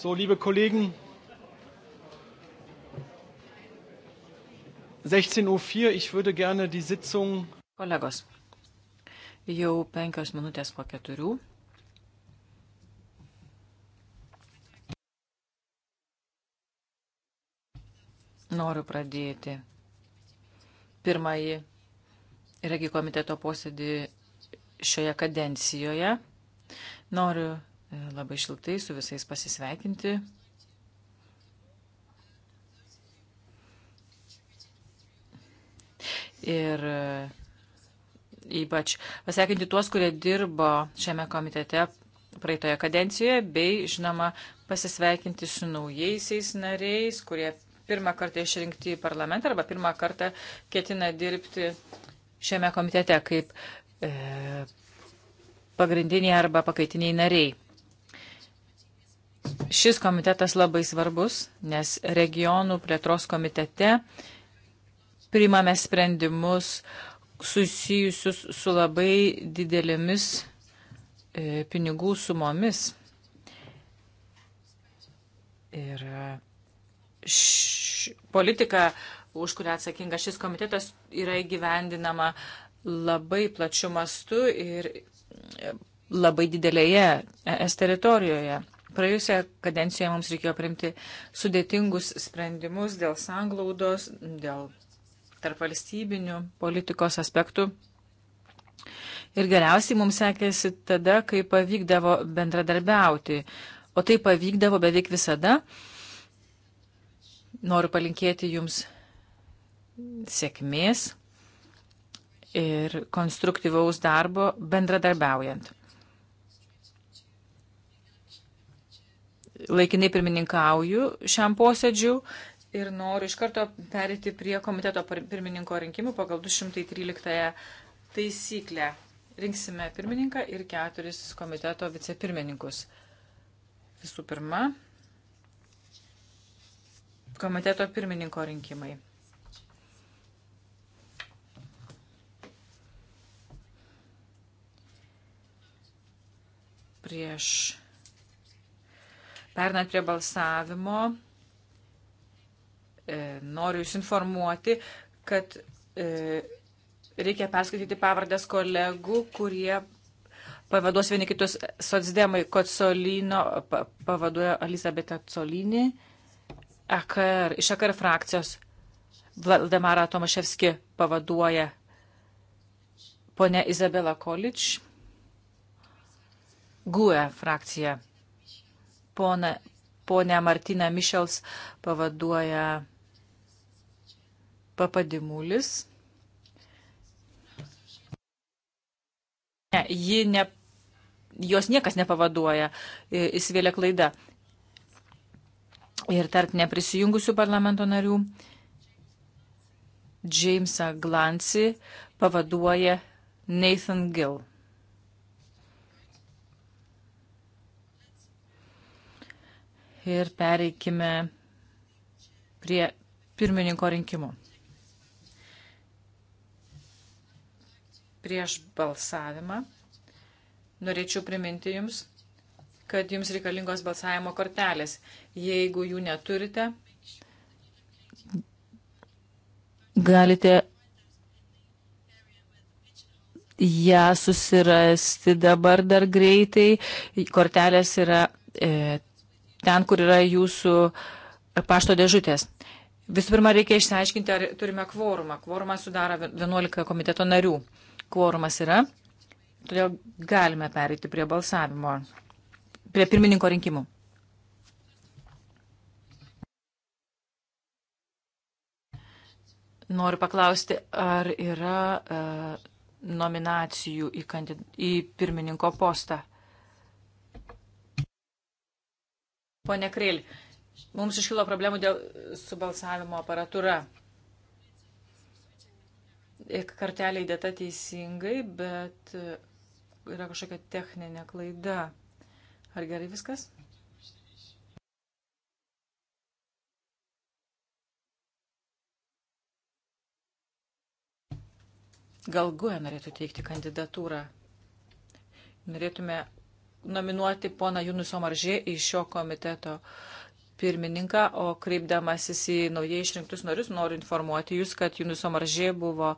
So, liebe Kollegen, 16.04 Uhr, ich würde gerne die Sitzung. Kolegos, jau penkios minutės po keturių. Noriu pradėti pirmąjį regi komiteto posėdį šioje kadencijoje. Noriu E, labai šiltai su visais pasisveikinti. Ir e, ypač pasveikinti tuos, kurie dirbo šiame komitete praeitoje kadencijoje, bei, žinoma, pasisveikinti su naujaisiais nariais, kurie pirmą kartą išrinkti į parlamentą arba pirmą kartą ketina dirbti šiame komitete kaip e, pagrindiniai arba pakaitiniai nariai. Šis komitetas labai svarbus, nes regionų plėtros komitete priimame sprendimus susijusius su labai didelėmis e, pinigų sumomis. Ir e, š, politika, už kurią atsakinga šis komitetas, yra įgyvendinama labai plačiu mastu ir e, labai didelėje es teritorijoje. Praėjusioje kadencijoje mums reikėjo priimti sudėtingus sprendimus dėl sanglaudos, dėl tarpvalstybinių politikos aspektų. Ir geriausiai mums sekėsi tada, kai pavykdavo bendradarbiauti. O tai pavykdavo beveik visada. Noriu palinkėti Jums sėkmės ir konstruktyvaus darbo bendradarbiaujant. laikinai pirmininkauju šiam posėdžiu ir noriu iš karto perėti prie komiteto pirmininko rinkimų pagal 213 taisyklę. Rinksime pirmininką ir keturis komiteto vicepirmininkus. Visų pirma, komiteto pirmininko rinkimai. Prieš Pernant prie balsavimo, e, noriu Jūs informuoti, kad e, reikia perskaityti pavardės kolegų, kurie pavaduos vieni kitus socdemai Kotsolino, pavaduoja Elizabeta Colinį, AKR, e iš AKR frakcijos Vladimara Tomaševski pavaduoja ponia Izabela Količ, GUE frakcija pona, ponia Martina Mišels pavaduoja papadimulis. Ne, ji ne, jos niekas nepavaduoja, įsivėlė klaida. Ir tarp neprisijungusių parlamento narių Jamesą Glancy pavaduoja Nathan Gill. ir pereikime prie pirmininko rinkimų. Prieš balsavimą norėčiau priminti Jums, kad Jums reikalingos balsavimo kortelės. Jeigu jų neturite, galite ją susirasti dabar dar greitai. Kortelės yra e, ten, kur yra jūsų pašto dėžutės. Visų pirma, reikia išsiaiškinti, ar turime kvorumą. Kvorumą sudaro 11 komiteto narių. Kvorumas yra, todėl galime pereiti prie balsavimo, prie pirmininko rinkimų. Noriu paklausti, ar yra e, nominacijų į, kandid... į pirmininko postą? Pone Kreil, mums iškilo problemų dėl subalsavimo aparatūra. Kartelė įdėta teisingai, bet e, yra kažkokia techninė klaida. Ar gerai viskas? Gal Guė norėtų teikti kandidatūrą? Norėtume nominuoti poną Junus Omaržė į šio komiteto pirmininką, o kreipdamasis į naujai išrinktus norius noriu informuoti Jūs, kad Junus Omaržė buvo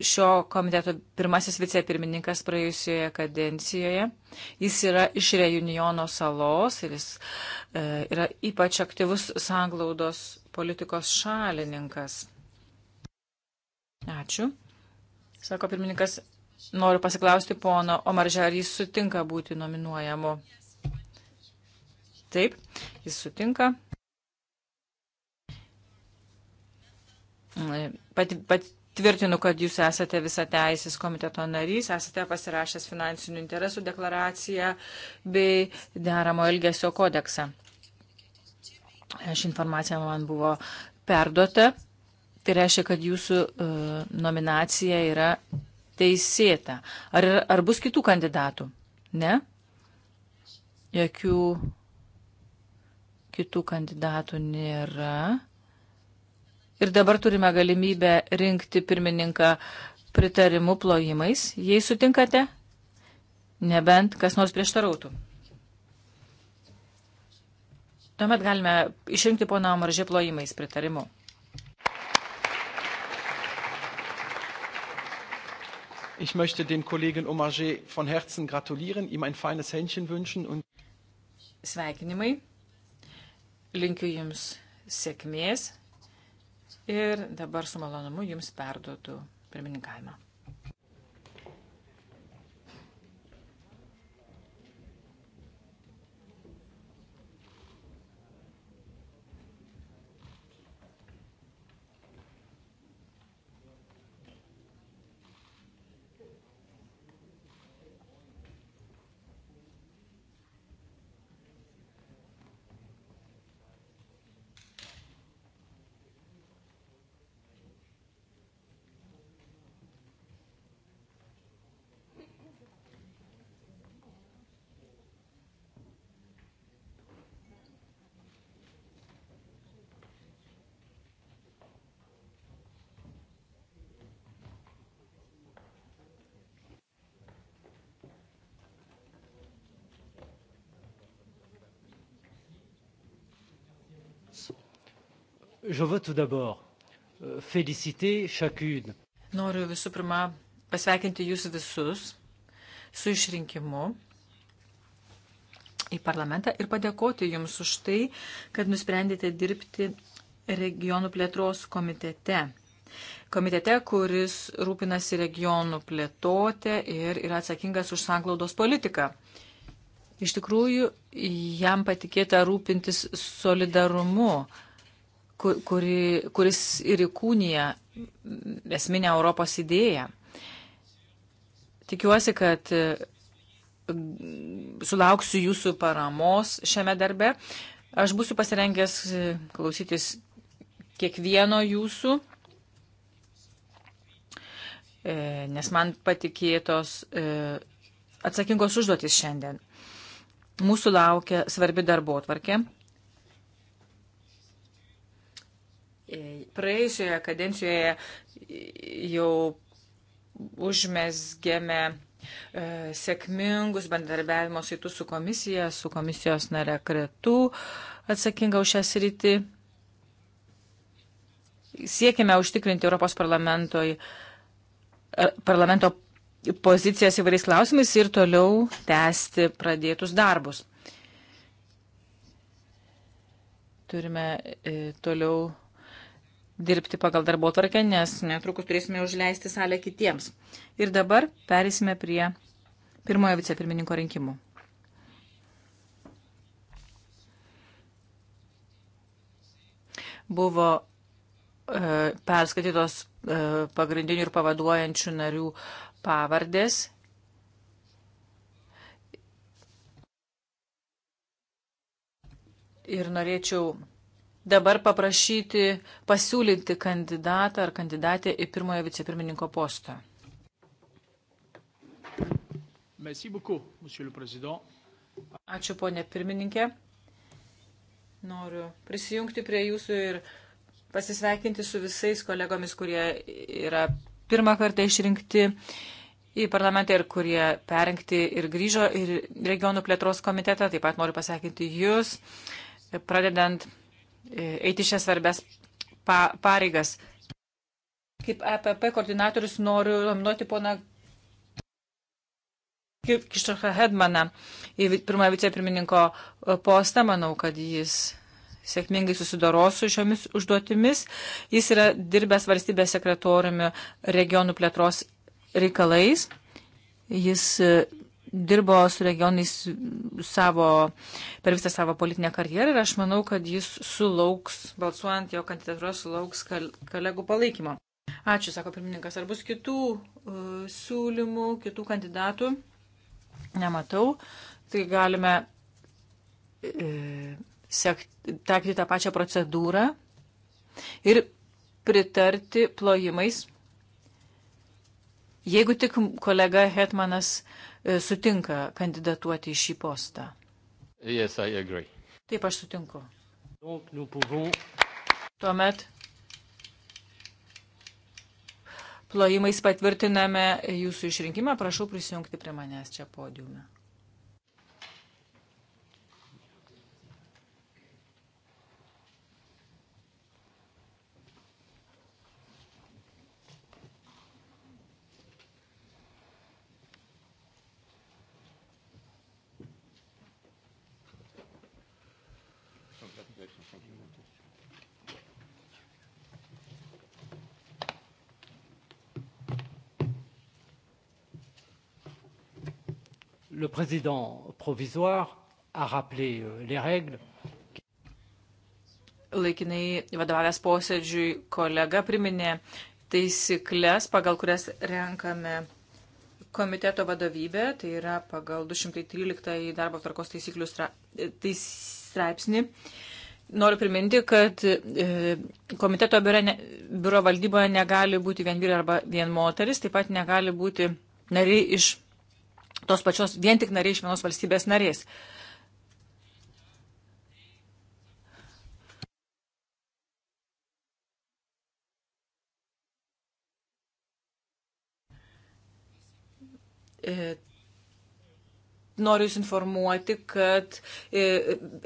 šio komiteto pirmasis vicepirmininkas praėjusioje kadencijoje. Jis yra iš Reunijono salos ir jis e, yra ypač aktyvus sanglaudos politikos šalininkas. Ačiū. Sako pirmininkas, Noriu pasiklausti pono Omaržė, ar jis sutinka būti nominuojamu. Taip, jis sutinka. Pat, pat, Tvirtinu, kad jūs esate visą teisės komiteto narys, esate pasirašęs finansinių interesų deklaraciją bei deramo elgesio kodeksą. Ši informacija man buvo perduota. Tai reiškia, kad jūsų uh, nominacija yra teisėta. Ar, ar bus kitų kandidatų? Ne? Jokių kitų kandidatų nėra. Ir dabar turime galimybę rinkti pirmininką pritarimu plojimais, jei sutinkate, nebent kas nors prieštarautų. Tuomet galime išrinkti poną Maržį plojimais pritarimu. Ich möchte dem Kollegen Omager von Herzen gratulieren, ihm ein feines Händchen wünschen und. Sveikinimai. Linkiu Jums sėkmės ir dabar su malonumu Jums perduodu pirmininkavimą. Euh, Noriu visų pirma pasveikinti jūs visus su išrinkimu į parlamentą ir padėkoti jums už tai, kad nusprendėte dirbti regionų plėtros komitete. Komitete, kuris rūpinasi regionų plėtotę ir yra atsakingas už sanglaudos politiką. Uh, Iš tikrųjų, jam patikėta rūpintis solidarumu, kuri, kuris ir įkūnija esminę Europos idėją. Tikiuosi, kad mm, sulauksiu jūsų paramos šiame darbe. Aš būsiu pasirengęs e, klausytis kiekvieno jūsų, e, nes man patikėtos e, atsakingos užduotis šiandien. Mūsų laukia svarbi darbo atvarkė. Praėjusioje kadencijoje jau užmesgėme e, sėkmingus bendarbiavimo saitus su komisija, su komisijos nare Kretu atsakinga už šią sritį. Siekime užtikrinti Europos parlamento e, pozicijas įvairiais klausimais ir toliau tęsti pradėtus darbus. Turime e, toliau dirbti pagal darbo tvarkę, nes netrukus turėsime užleisti salę kitiems. Ir dabar perėsime prie pirmojo vicepirmininko rinkimų. Buvo e, perskaitytos e, pagrindinių ir pavaduojančių narių pavardės. Ir norėčiau dabar paprašyti pasiūlyti kandidatą ar kandidatę į pirmojo vicepirmininko postą. Ačiū, ponė pirmininkė. Noriu prisijungti prie jūsų ir pasisveikinti su visais kolegomis, kurie yra pirmą kartą išrinkti į parlamentą ir kurie perinkti ir grįžo ir regionų plėtros komitetą. Taip pat noriu pasakyti jūs, pradedant e, eiti šias svarbės pa pareigas. Kaip EPP koordinatorius noriu nominuoti poną Kišoką Hedmaną į pirmą vicepirmininko postą. Manau, kad jis sėkmingai susidoros su šiomis užduotimis. Jis yra dirbęs valstybės sekretoriumi regionų plėtros reikalais. Jis e, dirbo su regionais savo, per visą savo politinę karjerą ir aš manau, kad jis sulauks, balsuojant jo kandidatūros, sulauks kolegų palaikymo. Ačiū, sako pirmininkas. Ar bus kitų uh, siūlymų, kitų kandidatų? Nematau. Tai galime. Uh, taikyti tą pačią procedūrą ir pritarti plojimais, jeigu tik kolega Hetmanas e, sutinka kandidatuoti į šį postą. Yes, Taip, aš sutinku. Donc, pouvons... Tuomet plojimais patvirtiname jūsų išrinkimą. Prašau prisijungti prie manęs čia podiume. le président provisoire a rappelé euh, les règles. Laikinai vadovavęs posėdžiui kolega priminė taisyklės, pagal kurias renkame komiteto vadovybę, tai yra pagal 213 darbo tvarkos taisyklių straipsnį. Noriu priminti, kad e, komiteto biuro, ne, biuro valdyboje negali būti vien vyrai arba vien moteris, taip pat negali būti nariai iš tos pačios vien tik nariai iš vienos valstybės narės. E, noriu Jūs informuoti, kad e,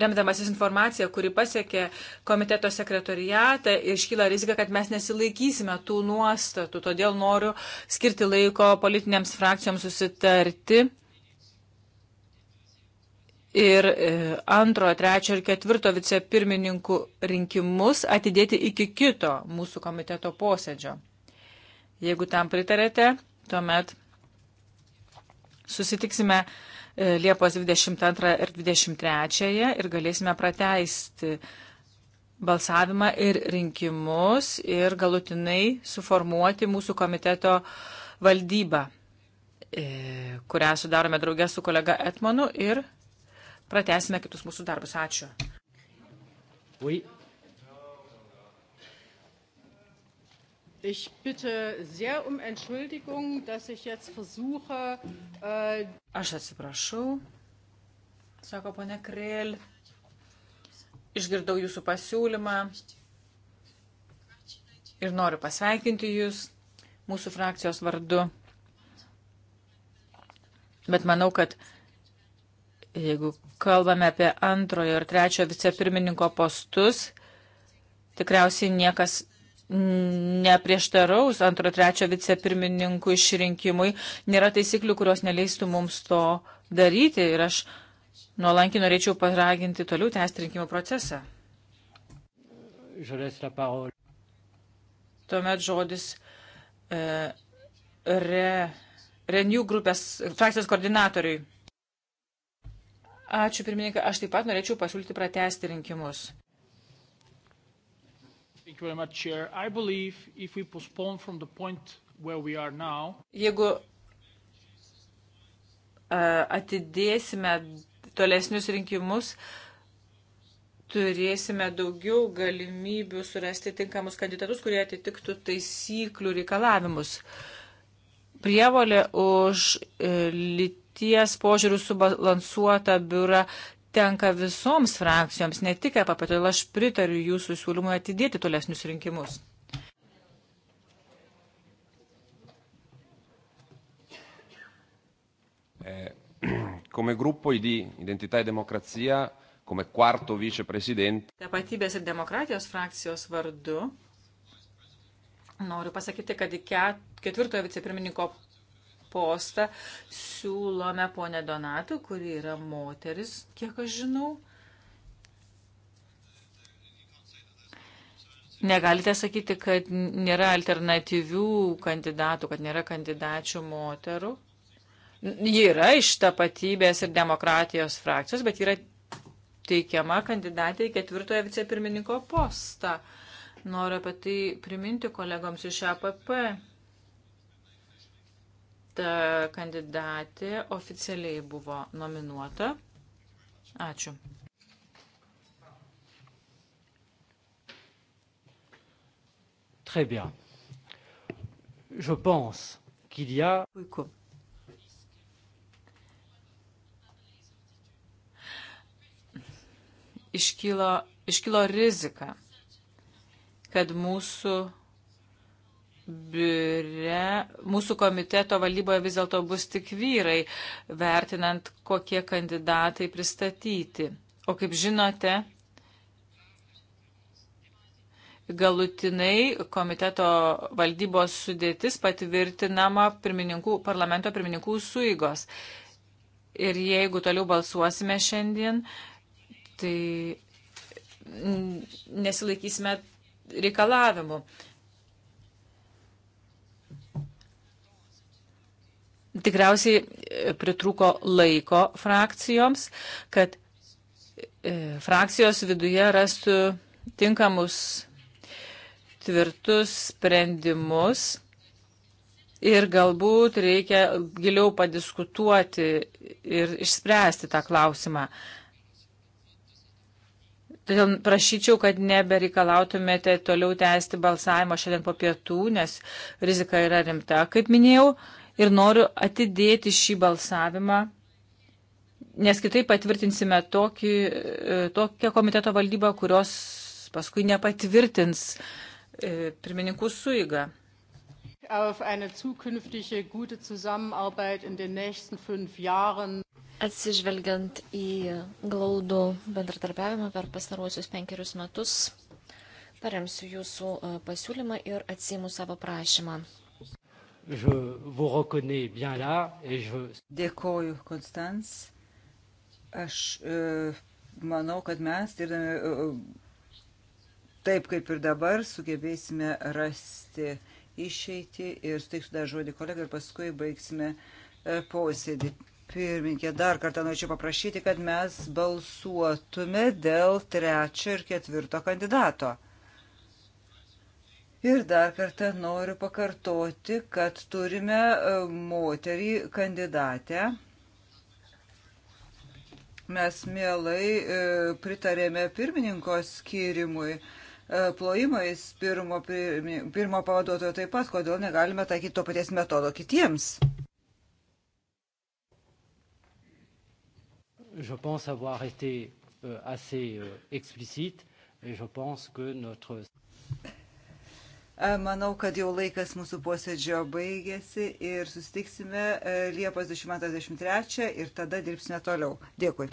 remdamasis informacija, kuri pasiekė komiteto sekretoriatą, iškyla rizika, kad mes nesilaikysime tų nuostatų. Todėl noriu skirti laiko politinėms frakcijoms susitarti. Ir e, antro, trečio ir ketvirto vicepirmininkų rinkimus atidėti iki kito mūsų komiteto posėdžio. Jeigu tam pritarėte, tuomet susitiksime E, Liepos 22 ir 23 ir galėsime prateisti balsavimą ir rinkimus ir galutinai suformuoti mūsų komiteto valdybą, e, kurią sudarome draugę su kolega Etmanu ir pratesime kitus mūsų darbus. Ačiū. Oui. Ich bitte sehr um Entschuldigung, dass ich jetzt versuche. Äh... Aš atsiprašau, sako ponia Krėl. Išgirdau jūsų pasiūlymą ir noriu pasveikinti jūs mūsų frakcijos vardu. Bet manau, kad jeigu kalbame apie antrojo ir trečiojo vicepirmininko postus, tikriausiai niekas neprieštaraus antro trečio vicepirmininkų išrinkimui. Nėra taisyklių, kurios neleistų mums to daryti ir aš nuolankiai norėčiau paraginti toliau tęsti rinkimų procesą. Tuomet žodis e, re, Renew grupės frakcijos koordinatoriui. Ačiū pirmininkai, aš taip pat norėčiau pasiūlyti pratesti rinkimus. Thank you very much, Chair. I believe if we postpone from the point where we are now. Jeigu uh, atidėsime tolesnius rinkimus, turėsime daugiau galimybių surasti tinkamus kandidatus, kurie atitiktų taisyklių reikalavimus. Prievolė už e, lyties požiūrių subalansuotą biurą tenka visoms frakcijoms, ne tik EPP, todėl aš pritariu jūsų siūlymui atidėti tolesnius rinkimus. Eh, come gruppo ID Identità e Democrazia, come quarto viceprezidente. Tapatybės ir demokratijos frakcijos vardu noriu pasakyti, kad ketvirtojo vicepirmininko postą siūlome ponę Donatą, kuri yra moteris, kiek aš žinau. Negalite sakyti, kad nėra alternatyvių kandidatų, kad nėra kandidačių moterų. Ji yra iš tapatybės ir demokratijos frakcijos, bet yra teikiama kandidatė į ketvirtojo vicepirmininko postą. Noriu apie tai priminti kolegoms iš APP ta kandidatė oficialiai buvo nominuota. Ačiū. Très bien. Je pense qu'il y a. Puiku. Iškilo, iškilo rizika, kad mūsų biure, mūsų komiteto valdyboje vis dėlto bus tik vyrai, vertinant, kokie kandidatai pristatyti. O kaip žinote, galutinai komiteto valdybos sudėtis patvirtinama pirmininkų, parlamento pirmininkų suigos. Ir jeigu toliau balsuosime šiandien, tai nesilaikysime reikalavimų. tikriausiai e, pritruko laiko frakcijoms, kad e, frakcijos viduje rastų tinkamus tvirtus sprendimus ir galbūt reikia giliau padiskutuoti ir išspręsti tą klausimą. Todėl prašyčiau, kad nebereikalautumėte toliau tęsti balsavimo šiandien po pietų, nes rizika yra rimta, kaip minėjau ir noriu atidėti šį balsavimą, nes kitaip patvirtinsime tokį, e, tokią komiteto valdybą, kurios paskui nepatvirtins e, pirmininkų suiga. Atsižvelgiant į glaudų bendradarbiavimą per pastaruosius penkerius metus, paremsiu jūsų e, pasiūlymą ir atsimu savo prašymą je vous reconnais bien là et je. Dėkoju, Konstans. Aš e, manau, kad mes dirbdami e, e, taip kaip ir dabar sugebėsime rasti išeitį ir suteiksiu dar žodį kolegai ir paskui baigsime e, posėdį. Pirminkė, dar kartą norėčiau paprašyti, kad mes balsuotume dėl trečio ir ketvirto kandidato. Ir dar kartą noriu pakartoti, kad turime e, moterį kandidatę. Mes mielai e, pritarėme pirmininko skirimui, e, plojimais pirmo, pirmo pavaduotojo taip pat, kodėl negalime taikyti to paties metodo kitiems. Je pense avoir été euh, assez euh, explicite et je pense que notre. Manau, kad jau laikas mūsų posėdžio baigėsi ir susitiksime e, Liepos 23 ir tada dirbsime toliau. Dėkui.